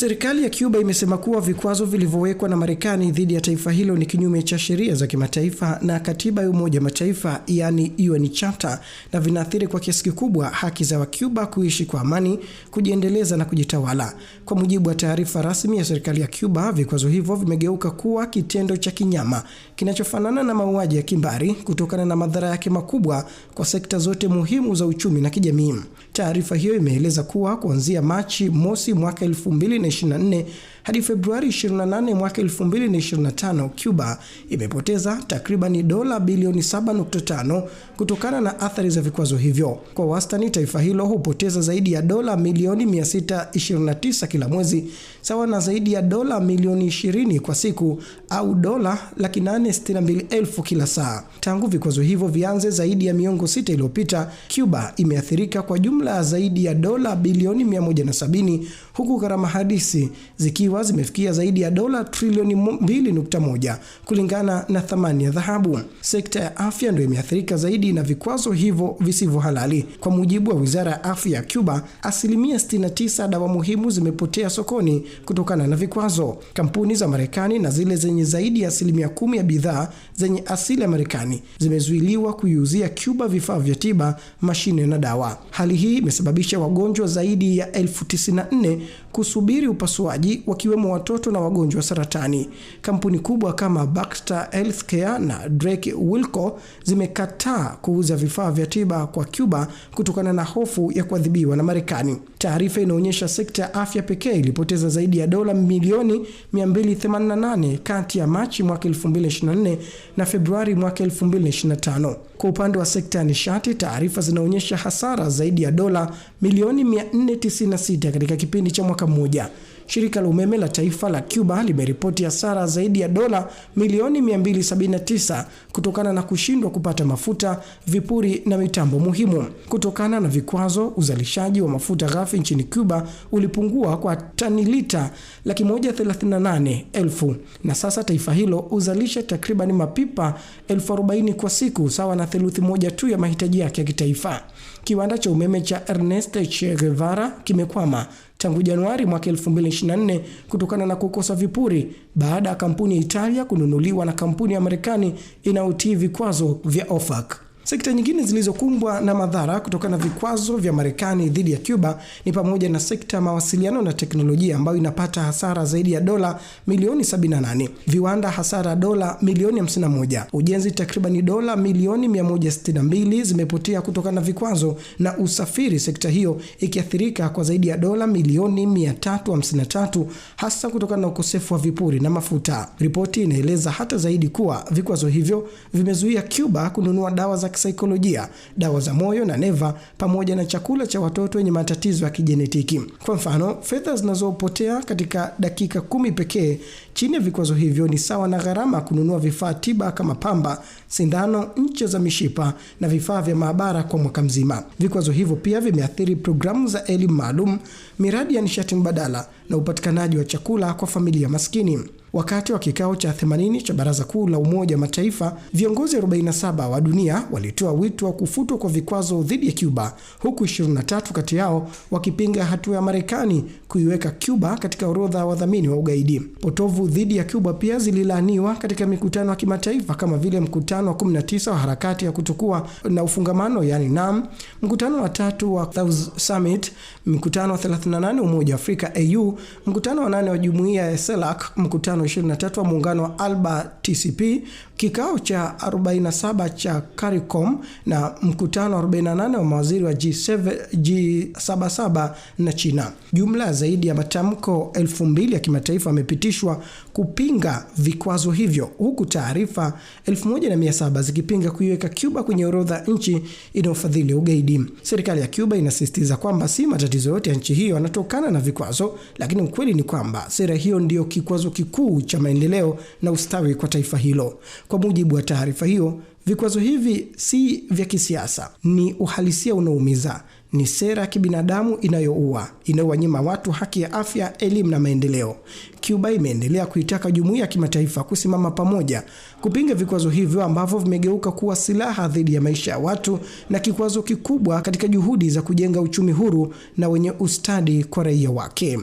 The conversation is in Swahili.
Serikali ya Cuba imesema kuwa vikwazo vilivyowekwa na Marekani dhidi ya taifa hilo ni kinyume cha sheria za kimataifa na katiba ya Umoja Mataifa, yani UN Charter, na vinaathiri kwa kiasi kikubwa haki za Wacuba kuishi kwa amani, kujiendeleza na kujitawala. Kwa mujibu wa taarifa rasmi ya serikali ya Cuba, vikwazo hivyo vimegeuka kuwa kitendo cha kinyama kinachofanana na mauaji ya kimbari kutokana na madhara yake makubwa kwa sekta zote muhimu za uchumi na kijamii. Taarifa hiyo imeeleza kuwa kuanzia Machi mosi mwaka 2000 2024 hadi Februari 28 mwaka 2025, Cuba imepoteza takribani dola bilioni 7.5 kutokana na athari za vikwazo hivyo. Kwa wastani, taifa hilo hupoteza zaidi ya dola milioni 629 kila mwezi, sawa na zaidi ya dola milioni 20 kwa siku au dola laki nane elfu kila saa. Tangu vikwazo hivyo vianze zaidi ya miongo sita iliyopita, Cuba imeathirika kwa jumla zaidi ya dola bilioni 170 huku gharama hadisi zikiwa zikiwa zimefikia zaidi ya dola trilioni 2.1 kulingana na thamani ya dhahabu. Sekta ya afya ndio imeathirika zaidi na vikwazo hivyo visivyo halali. Kwa mujibu wa wizara ya afya ya Cuba, asilimia 69 dawa muhimu zimepotea sokoni kutokana na vikwazo. Kampuni za Marekani na zile zenye zaidi ya asilimia kumi ya bidhaa zenye asili ya Marekani zimezuiliwa kuiuzia Cuba vifaa vya tiba, mashine na dawa. Hali hii imesababisha wagonjwa zaidi ya elfu tisini na nne kusubiri upasuaji wa wakiwemo watoto na wagonjwa wa saratani. Kampuni kubwa kama Baxter Healthcare na Drake Wilco zimekataa kuuza vifaa vya tiba kwa Cuba kutokana na hofu ya kuadhibiwa na Marekani. Taarifa inaonyesha sekta ya afya pekee ilipoteza zaidi ya dola milioni 288 kati ya Machi mwaka 2024 na Februari mwaka 2025. Kwa upande wa sekta ya nishati, taarifa zinaonyesha hasara zaidi ya dola milioni 496 katika kipindi cha mwaka mmoja shirika la umeme la taifa la Cuba limeripoti hasara zaidi ya dola milioni 279 kutokana na kushindwa kupata mafuta, vipuri na mitambo muhimu. Kutokana na vikwazo, uzalishaji wa mafuta ghafi nchini Cuba ulipungua kwa tani lita laki moja thelathini na nane elfu na sasa taifa hilo huzalisha takriban mapipa elfu arobaini kwa siku, sawa na theluthi moja tu ya mahitaji yake ya kitaifa. Kiwanda cha umeme cha Ernest Che Guevara kimekwama tangu Januari mwaka 2024 kutokana na kukosa vipuri baada ya kampuni ya Italia kununuliwa na kampuni ya Marekani inayotii vikwazo vya OFAC. Sekta nyingine zilizokumbwa na madhara kutokana na vikwazo vya Marekani dhidi ya Cuba ni pamoja na sekta ya mawasiliano na teknolojia ambayo inapata hasara zaidi ya dola milioni 78, viwanda hasara dola milioni 51, ujenzi takribani dola milioni 162 zimepotea kutokana na vikwazo, na usafiri, sekta hiyo ikiathirika kwa zaidi ya dola milioni 353, hasa kutokana na ukosefu wa vipuri na mafuta. Ripoti inaeleza hata zaidi kuwa vikwazo hivyo vimezuia Cuba kununua dawa za kisaikolojia, dawa za moyo na neva, pamoja na chakula cha watoto wenye matatizo ya kijenetiki. Kwa mfano, fedha zinazopotea katika dakika kumi pekee chini ya vikwazo hivyo ni sawa na gharama kununua vifaa tiba kama pamba, sindano, ncha za mishipa na vifaa vya maabara kwa mwaka mzima. Vikwazo hivyo pia vimeathiri programu za elimu maalum, miradi ya nishati mbadala na upatikanaji wa chakula kwa familia maskini. Wakati wa kikao cha 80 cha Baraza Kuu la Umoja wa Mataifa, viongozi 47 wa dunia walitoa wito wa kufutwa kwa vikwazo dhidi ya Cuba, huku 23 kati yao wakipinga hatua ya Marekani kuiweka Cuba katika orodha ya wadhamini wa ugaidi. Potovu dhidi ya Cuba pia zililaaniwa katika mikutano ya kimataifa kama vile mkutano wa 19 wa harakati ya kutokuwa na ufungamano yani NAM, mkutano wa tatu wa Summit, mkutano wa 38 Umoja wa Afrika AU, mkutano wa nane wa jumuiya ya CELAC, mkutano 2023 wa muungano wa Alba TCP, kikao cha 47 cha CARICOM na mkutano 48 wa mawaziri wa G7, G77 na China. Jumla zaidi ya matamko 2000 ya kimataifa yamepitishwa kupinga vikwazo hivyo, huku taarifa 1700 zikipinga kuiweka Cuba kwenye orodha nchi inayofadhili ugaidi. Serikali ya Cuba inasisitiza kwamba si matatizo yote ya nchi hiyo yanatokana na vikwazo, lakini ukweli ni kwamba sera hiyo ndiyo kikwazo kikuu kikuu cha maendeleo na ustawi kwa taifa hilo. Kwa mujibu wa taarifa hiyo, vikwazo hivi si vya kisiasa, ni uhalisia unaoumiza, ni sera ya kibinadamu inayoua, inayowanyima watu haki ya afya, elimu na maendeleo. Cuba imeendelea kuitaka jumuiya ya kimataifa kusimama pamoja kupinga vikwazo hivyo ambavyo vimegeuka kuwa silaha dhidi ya maisha ya watu na kikwazo kikubwa katika juhudi za kujenga uchumi huru na wenye ustadi kwa raia wake.